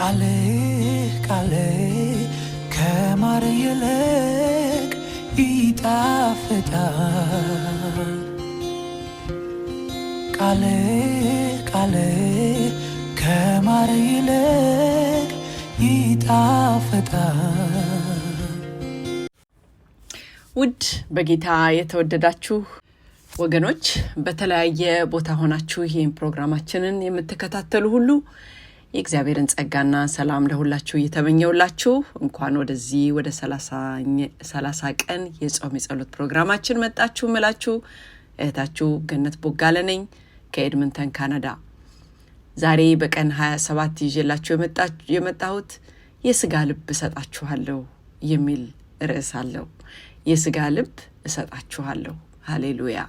ቃሌ ቃሌ ከማር ይልቅ ይጣፍጣል። ቃሌ ቃሌ ከማር ይልቅ ይጣፍጣል። ውድ በጌታ የተወደዳችሁ ወገኖች በተለያየ ቦታ ሆናችሁ ይህን ፕሮግራማችንን የምትከታተሉ ሁሉ የእግዚአብሔርን ጸጋና ሰላም ለሁላችሁ እየተመኘውላችሁ እንኳን ወደዚህ ወደ ሰላሳ ቀን የጾም የጸሎት ፕሮግራማችን መጣችሁ ምላችሁ እህታችሁ ገነት ቦጋለ ነኝ ከኤድምንተን ካናዳ። ዛሬ በቀን 27 ይዤላችሁ የመጣሁት የስጋ ልብ እሰጣችኋለሁ የሚል ርዕስ አለው። የስጋ ልብ እሰጣችኋለሁ። ሃሌሉያ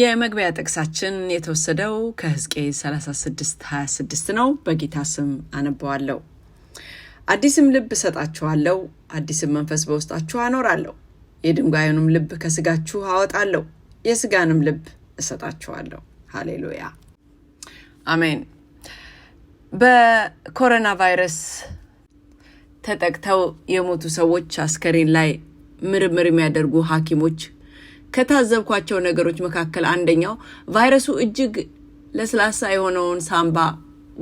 የመግቢያ ጥቅሳችን የተወሰደው ከሕዝቅኤል 36፡26 ነው። በጌታ ስም አነበዋለሁ። አዲስም ልብ እሰጣችኋለሁ፣ አዲስም መንፈስ በውስጣችሁ አኖራለሁ፣ የድንጋዩንም ልብ ከስጋችሁ አወጣለሁ፣ የስጋንም ልብ እሰጣችኋለሁ። ሃሌሉያ አሜን። በኮሮና ቫይረስ ተጠቅተው የሞቱ ሰዎች አስከሬን ላይ ምርምር የሚያደርጉ ሐኪሞች ከታዘብኳቸው ነገሮች መካከል አንደኛው ቫይረሱ እጅግ ለስላሳ የሆነውን ሳምባ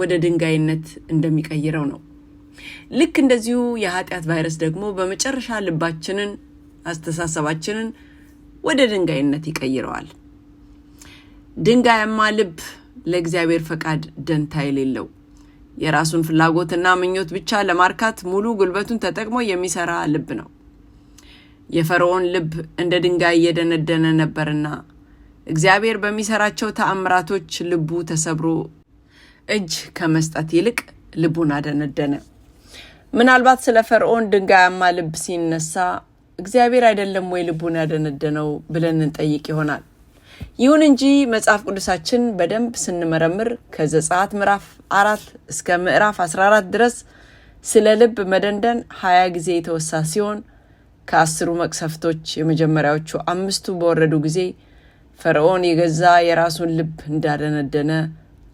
ወደ ድንጋይነት እንደሚቀይረው ነው። ልክ እንደዚሁ የኃጢአት ቫይረስ ደግሞ በመጨረሻ ልባችንን፣ አስተሳሰባችንን ወደ ድንጋይነት ይቀይረዋል። ድንጋያማ ልብ ለእግዚአብሔር ፈቃድ ደንታ የሌለው የራሱን ፍላጎትና ምኞት ብቻ ለማርካት ሙሉ ጉልበቱን ተጠቅሞ የሚሰራ ልብ ነው። የፈርዖን ልብ እንደ ድንጋይ እየደነደነ ነበርና እግዚአብሔር በሚሰራቸው ተአምራቶች ልቡ ተሰብሮ እጅ ከመስጠት ይልቅ ልቡን አደነደነ። ምናልባት ስለ ፈርዖን ድንጋያማ ልብ ሲነሳ እግዚአብሔር አይደለም ወይ ልቡን ያደነደነው ብለን እንጠይቅ ይሆናል። ይሁን እንጂ መጽሐፍ ቅዱሳችን በደንብ ስንመረምር ከዘጸአት ምዕራፍ አራት እስከ ምዕራፍ 14 ድረስ ስለ ልብ መደንደን ሀያ ጊዜ የተወሳ ሲሆን ከአስሩ መቅሰፍቶች የመጀመሪያዎቹ አምስቱ በወረዱ ጊዜ ፈርዖን የገዛ የራሱን ልብ እንዳደነደነ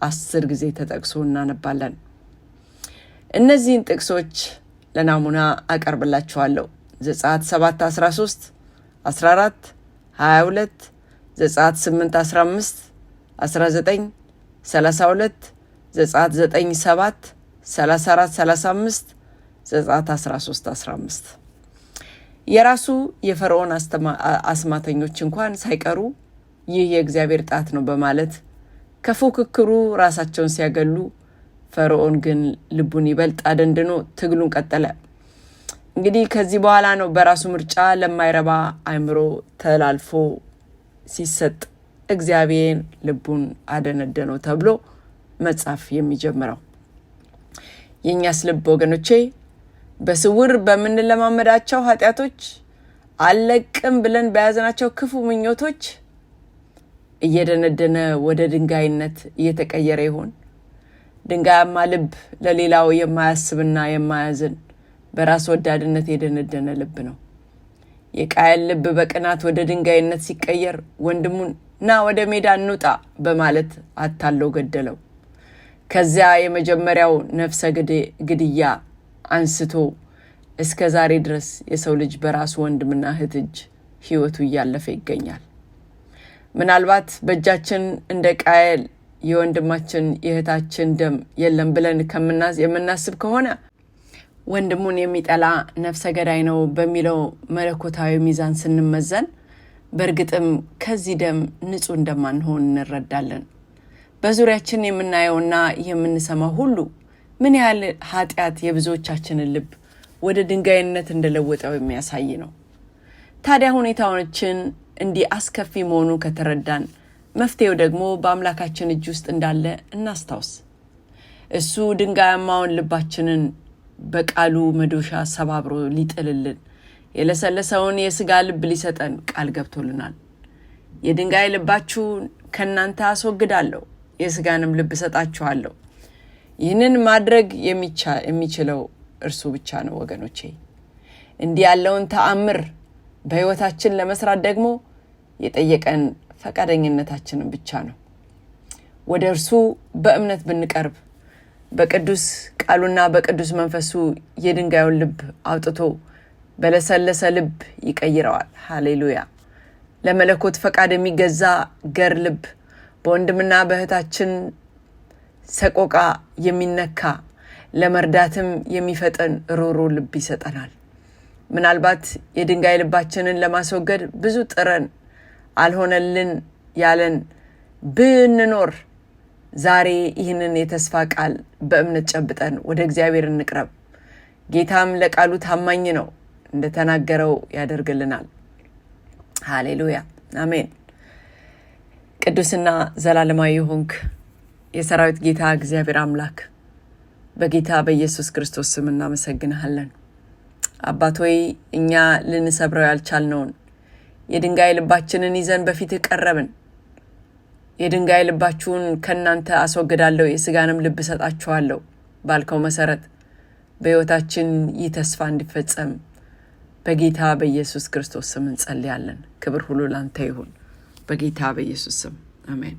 አስር ጊዜ ተጠቅሶ እናነባለን። እነዚህን ጥቅሶች ለናሙና አቀርብላችኋለሁ። ዘጸአት 7 13 14 22 ዘጸአት 8 15 19 32 ዘጸአት 9 7 34 35 ዘጸአት 13 15 የራሱ የፈርዖን አስማተኞች እንኳን ሳይቀሩ ይህ የእግዚአብሔር ጣት ነው በማለት ከፉክክሩ ራሳቸውን ሲያገሉ፣ ፈርዖን ግን ልቡን ይበልጥ አደንድኖ ትግሉን ቀጠለ። እንግዲህ ከዚህ በኋላ ነው በራሱ ምርጫ ለማይረባ አእምሮ ተላልፎ ሲሰጥ እግዚአብሔር ልቡን አደነደነው ተብሎ መጽሐፍ የሚጀምረው። የእኛስ ልብ ወገኖቼ በስውር በምንለማመዳቸው ኃጢአቶች፣ አለቅም ብለን በያዝናቸው ክፉ ምኞቶች እየደነደነ ወደ ድንጋይነት እየተቀየረ ይሆን? ድንጋያማ ልብ ለሌላው የማያስብና የማያዝን በራስ ወዳድነት የደነደነ ልብ ነው። የቃየን ልብ በቅናት ወደ ድንጋይነት ሲቀየር ወንድሙን ና ወደ ሜዳ እንውጣ በማለት አታለው ገደለው። ከዚያ የመጀመሪያው ነፍሰ ግድያ አንስቶ እስከ ዛሬ ድረስ የሰው ልጅ በራሱ ወንድምና እህት እጅ ህይወቱ እያለፈ ይገኛል። ምናልባት በእጃችን እንደ ቃየል የወንድማችን የእህታችን ደም የለም ብለን የምናስብ ከሆነ ወንድሙን የሚጠላ ነፍሰ ገዳይ ነው በሚለው መለኮታዊ ሚዛን ስንመዘን በእርግጥም ከዚህ ደም ንጹህ እንደማንሆን እንረዳለን። በዙሪያችን የምናየውና የምንሰማው ሁሉ ምን ያህል ኃጢአት የብዙዎቻችንን ልብ ወደ ድንጋይነት እንደለወጠው የሚያሳይ ነው። ታዲያ ሁኔታዎችን እንዲህ አስከፊ መሆኑ ከተረዳን መፍትሄው ደግሞ በአምላካችን እጅ ውስጥ እንዳለ እናስታውስ። እሱ ድንጋያማውን ልባችንን በቃሉ መዶሻ ሰባብሮ ሊጥልልን የለሰለሰውን የስጋ ልብ ሊሰጠን ቃል ገብቶልናል። የድንጋይ ልባችሁ ከእናንተ አስወግዳለሁ፣ የስጋንም ልብ እሰጣችኋለሁ ይህንን ማድረግ የሚችለው እርሱ ብቻ ነው ወገኖቼ። እንዲህ ያለውን ተአምር በሕይወታችን ለመስራት ደግሞ የጠየቀን ፈቃደኝነታችንን ብቻ ነው። ወደ እርሱ በእምነት ብንቀርብ በቅዱስ ቃሉና በቅዱስ መንፈሱ የድንጋዩን ልብ አውጥቶ በለሰለሰ ልብ ይቀይረዋል። ሃሌሉያ! ለመለኮት ፈቃድ የሚገዛ ገር ልብ በወንድምና በእህታችን ሰቆቃ የሚነካ ለመርዳትም የሚፈጠን ሮሮ ልብ ይሰጠናል። ምናልባት የድንጋይ ልባችንን ለማስወገድ ብዙ ጥረን አልሆነልን ያለን ብንኖር ዛሬ ይህንን የተስፋ ቃል በእምነት ጨብጠን ወደ እግዚአብሔር እንቅረብ። ጌታም ለቃሉ ታማኝ ነው፣ እንደተናገረው ያደርግልናል። ሃሌሉያ አሜን። ቅዱስና ዘላለማዊ ሆንክ የሰራዊት ጌታ እግዚአብሔር አምላክ በጌታ በኢየሱስ ክርስቶስ ስም እናመሰግንሃለን። አባት ሆይ እኛ ልንሰብረው ያልቻልነውን የድንጋይ ልባችንን ይዘን በፊት ቀረብን። የድንጋይ ልባችሁን ከእናንተ አስወግዳለሁ፣ የስጋንም ልብ እሰጣችኋለሁ ባልከው መሰረት በሕይወታችን ይህ ተስፋ እንዲፈጸም በጌታ በኢየሱስ ክርስቶስ ስም እንጸልያለን። ክብር ሁሉ ላንተ ይሁን፣ በጌታ በኢየሱስ ስም አሜን።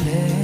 sale.